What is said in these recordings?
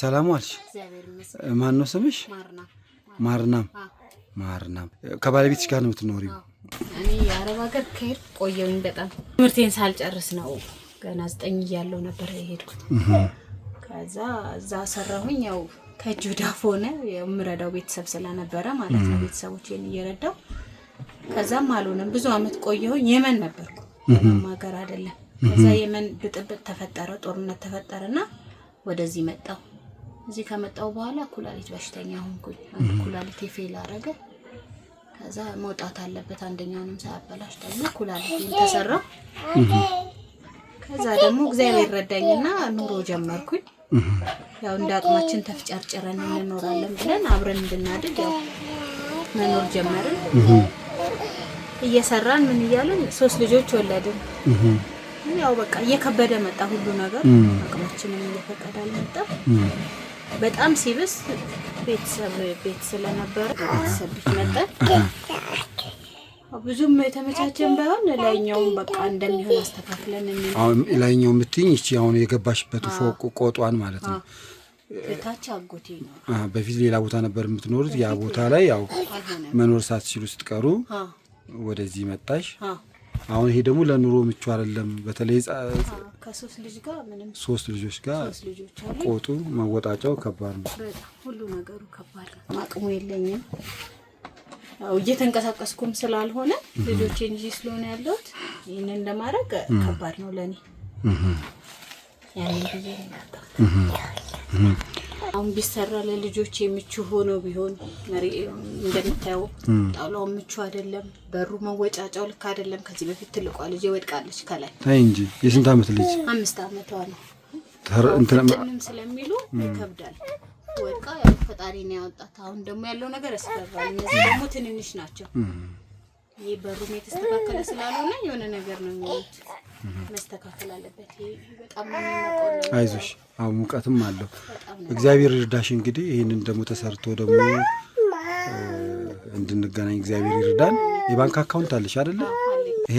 ሰላም ዋልሽ? ማን ነው ስምሽ? ማርናም። ማርናም ከባለቤትሽ ጋር ነው የምትኖሪ? እኔ የአረብ ሀገር ከሄድ ቆየሁኝ በጣም ትምህርቴን ሳልጨርስ ነው። ገና ዘጠኝ እያለሁ ነበር የሄድኩት። ከዛ እዛ ሰራሁኝ። ያው ከእጅ ወዳፍ ሆነ። የምረዳው ቤተሰብ ስለነበረ ማለት ነው፣ ቤተሰቦቼን እየረዳው ከዛም አልሆነም። ብዙ አመት ቆየሁኝ። የመን ነበርኩ፣ ሀገር አይደለም። ከዛ የመን ብጥብጥ ተፈጠረ፣ ጦርነት ተፈጠረና ወደዚህ መጣሁ። እዚህ ከመጣው በኋላ ኩላሊት በሽተኛ ሆንኩኝ። አንድ ኩላሊት የፌል አረገ። ከዛ መውጣት አለበት አንደኛውንም ሳያበላሽ ደግሞ ኩላሊት ተሰራ። ከዛ ደግሞ እግዚአብሔር ረዳኝና ኑሮ ጀመርኩኝ። ያው እንደ አቅማችን ተፍጨርጭረን እንኖራለን ብለን አብረን እንድናድግ ያው መኖር ጀመርን። እየሰራን ምን እያለን ሶስት ልጆች ወለድን። ያው በቃ እየከበደ መጣ ሁሉ ነገር፣ አቅማችንም እየፈቀደ አልመጣም። በጣም ሲብስ ቤተሰብ ቤት ስለነበረ ቤተሰብ መጠን ብዙም የተመቻቸን ባይሆን ላይኛውም በቃ እንደሚሆን አስተካክለን አሁን ላይኛው የምትይኝ እቺ አሁን የገባሽበት ፎቅ ቆጧን ማለት ነው። በታች አጎቴ ነው። በፊት ሌላ ቦታ ነበር የምትኖሩት። ያ ቦታ ላይ ያው መኖር ሳትችሉ ስትቀሩ ወደዚህ መጣሽ። አሁን ይሄ ደግሞ ለኑሮ ምቹ አይደለም። በተለይ ሶስት ልጆች ጋር ቆጡ መወጣጫው ከባድ ነው። ሁሉ ነገሩ ከባድ ነው። አቅሙ የለኝም እየተንቀሳቀስኩም ስላልሆነ ልጆቼ እንጂ ስለሆነ ያለሁት ይህንን ለማድረግ ከባድ ነው ለእኔ ያንን ብዬ አሁን ቢሰራ ለልጆች የምቹ ሆኖ ቢሆን እንደምታየው ጣውላው ምቹ አይደለም። በሩ መወጫጫው ልክ አይደለም። ከዚህ በፊት ትልቋ ልጅ ወድቃለች ከላይ። አይ እንጂ የስንት አመት ልጅ? አምስት አመቷ ነው። እንትንም ስለሚሉ ይከብዳል። ወድቃ ያው ፈጣሪ ነው ያወጣት። አሁን ደግሞ ያለው ነገር ያስፈራል። እነዚህ ደግሞ ትንንሽ ናቸው። ይሄ በሩም የተስተካከለ ስላልሆነ የሆነ ነገር ነው የሚሉት። መስተካከል አለበት። አይዞሽ፣ አሁን ሙቀትም አለው። እግዚአብሔር ይርዳሽ። እንግዲህ ይህንን ደግሞ ተሰርቶ ደግሞ እንድንገናኝ እግዚአብሔር ይርዳን። የባንክ አካውንት አለሽ አይደለ? ይሄ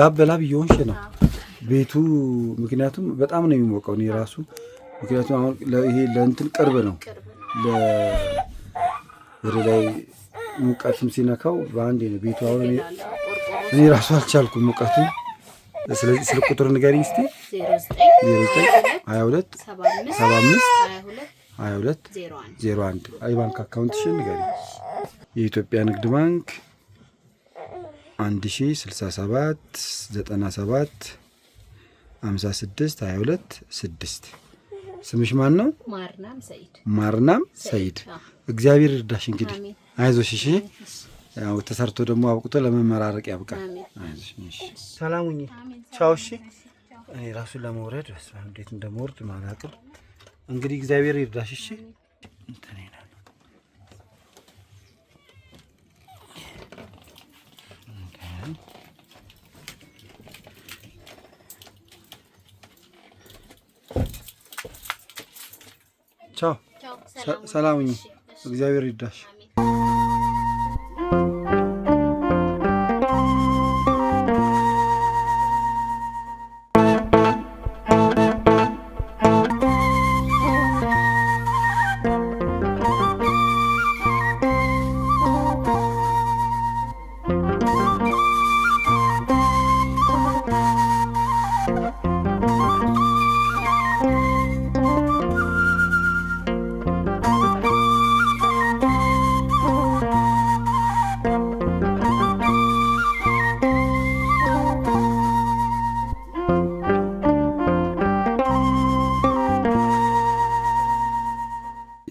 ላብ በላብ እየሆንሽ ነው ቤቱ ምክንያቱም በጣም ነው የሚሞቀው። እኔ ራሱ ምክንያቱም አሁን ይሄ ለእንትን ቅርብ ነው ወደ ላይ ሙቀትም ሲነካው በአንድ ነው ቤቱ። አሁን እኔ ራሱ አልቻልኩም ሙቀቱ። ስለዚህ ስልክ ቁጥር ንገሪኝ እስኪ 22 75 22 01 የባንክ አካውንትሽን ንገሪኝ። የኢትዮጵያ ንግድ ባንክ 1067 97 56 22 6 ስምሽ ማን ነው? ማርናም ሰይድ። እግዚአብሔር እርዳሽ እንግዲህ አይዞሽ እሺ። ያው ተሰርቶ ደግሞ አብቅቶ ለመመራረቅ ያብቃል። ሰላም ሰላሙኝ ቻው። እሺ። እኔ ራሱን ለመውረድ እንዴት እንደመወርድ ማላቅም። እንግዲህ እግዚአብሔር ይርዳሽ። እሺ። ቻው። ሰላም እግዚአብሔር ይርዳሽ።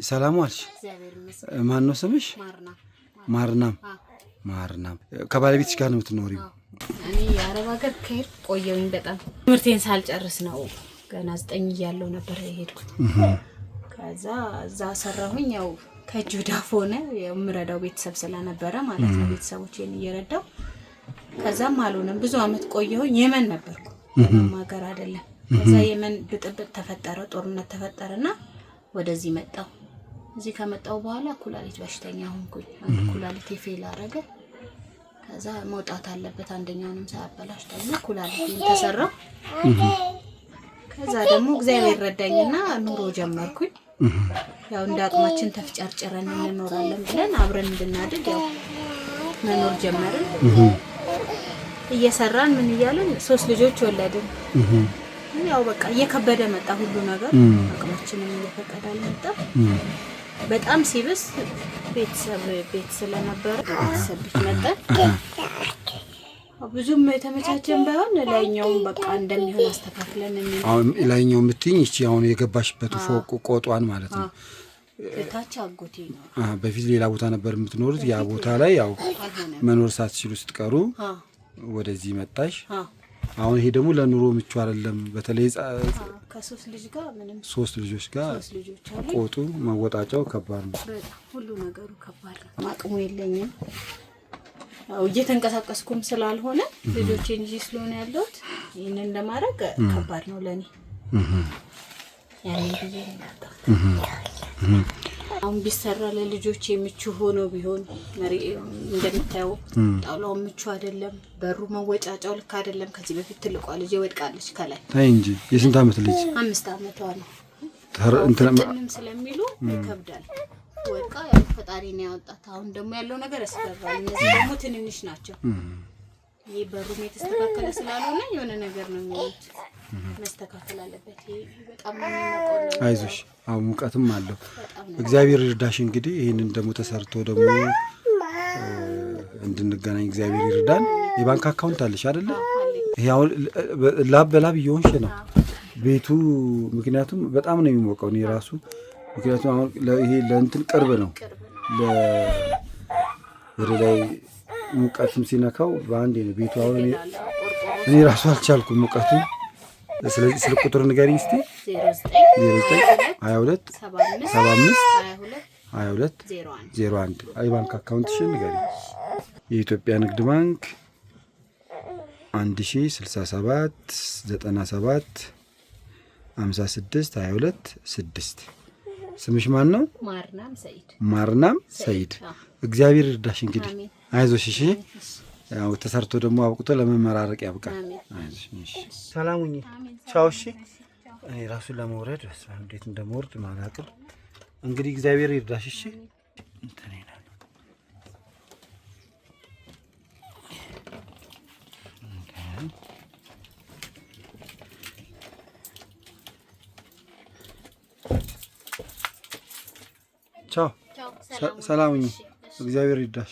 ሰላም ዋልሽ። ማን ነው ስምሽ? ማርናም። ማርናም ከባለቤትሽ ጋር ነው የምትኖሪው? እኔ የአረብ ሀገር ከሄድ ቆየሁኝ በጣም ትምህርቴን ሳልጨርስ ነው። ገና ዘጠኝ እያለው ነበር የሄድኩት። ከዛ እዛ ሰራሁኝ። ያው ከእጅ ሆነ። የምረዳው ቤተሰብ ስለነበረ ማለት ነው፣ ቤተሰቦቼን እየረዳው። ከዛም አልሆነም። ብዙ አመት ቆየሁኝ። የመን ነበርኩ። ሀገር አይደለም። ከዛ የመን ብጥብጥ ተፈጠረ፣ ጦርነት ተፈጠረና ወደዚህ መጣሁ። እዚህ ከመጣው በኋላ ኩላሊት በሽተኛ ሆንኩኝ። አንድ ኩላሊት የፌል አረገ። ከዛ መውጣት አለበት አንደኛውንም ሳያበላሽ ደግሞ ኩላሊት ተሰራ። ከዛ ደግሞ እግዚአብሔር ረዳኝና ኑሮ ጀመርኩኝ። ያው እንደ አቅማችን ተፍጨርጭረን እንኖራለን ብለን አብረን እንድናድግ ያው መኖር ጀመርን። እየሰራን ምን እያለን ሶስት ልጆች ወለድን። ያው በቃ እየከበደ መጣ ሁሉ ነገር፣ አቅማችንም እየፈቀደ መጣ። በጣም ሲብስ ቤተሰብ ቤት ስለነበረ ሰብት መጠን ብዙም የተመቻቸን ባይሆን ላይኛውም በቃ እንደሚሆን አስተካክለን አሁን ላይኛው የምትይኝ እቺ አሁን የገባሽበት ፎቅ ቆጧን ማለት ነው። አጎቴ ነው። በፊት ሌላ ቦታ ነበር የምትኖሩት። ያ ቦታ ላይ ያው መኖር ሳትችሉ ስትቀሩ ወደዚህ መጣሽ። አሁን ይሄ ደግሞ ለኑሮ ምቹ አይደለም። በተለይ ሶስት ልጆች ጋር ቆጡ መወጣጫው ከባድ ነው። ሁሉ ነገሩ ከባድ ነው። አቅሙ የለኝም። እየተንቀሳቀስኩም ስላልሆነ ልጆች እንጂ ስለሆነ ያለሁት ይህንን ለማድረግ ከባድ ነው ለእኔ አሁን ቢሰራ ለልጆች የምቹ ሆኖ ቢሆን እንደምታየው ጣውላው ምቹ አይደለም። በሩ መወጫጫው ልክ አይደለም። ከዚህ በፊት ትልቋ ልጅ ወድቃለች ከላይ። አይ እንጂ የስንት ዓመት ልጅ? አምስት ዓመቷ ነው። እንትንም ስለሚሉ ይከብዳል። ወድቃ ያው ፈጣሪ ነው ያወጣት። አሁን ደግሞ ያለው ነገር ያስፈራል። እነዚህ ደግሞ ትንንሽ ናቸው። ይህ በሩም የተስተካከለ ስላልሆነ የሆነ ነገር ነው የሚሉት። አይዞሽ፣ አሁን ሙቀትም አለው። እግዚአብሔር ይርዳሽ። እንግዲህ ይህንን ደግሞ ተሰርቶ ደግሞ እንድንገናኝ እግዚአብሔር ይርዳን። የባንክ አካውንት አለሽ አደለ? ይሄ ላብ በላብ እየሆንሽ ነው ቤቱ። ምክንያቱም በጣም ነው የሚሞቀው እኔ ራሱ ምክንያቱም አሁን ይሄ ለእንትን ቅርብ ነው ወደ ላይ ሙቀቱም ሲነካው በአንድ ቤቱ አሁን እኔ ራሱ አልቻልኩም ሙቀቱ። ስለዚህ ስልክ ቁጥር ንገሪኝ ስ 0922 75 22 01 የባንክ አካውንትሽን ንገሪኝ። የኢትዮጵያ ንግድ ባንክ 1067 97 56 22 6 ስምሽ ማን ነው? ማርናም ሰይድ። እግዚአብሔር ይርዳሽ። እንግዲህ አይዞሽ፣ እሺ። ያው ተሰርቶ ደግሞ አብቅቶ ለመመራረቅ ያብቃል። ሰላም ሁኚ። ቻው። እሺ። ራሱን ለመውረድ እንዴት እንደመወርድ ማላቅም። እንግዲህ እግዚአብሔር ይርዳሽ። እሺ። ቻው፣ ሰላም እግዚአብሔር ይዳሽ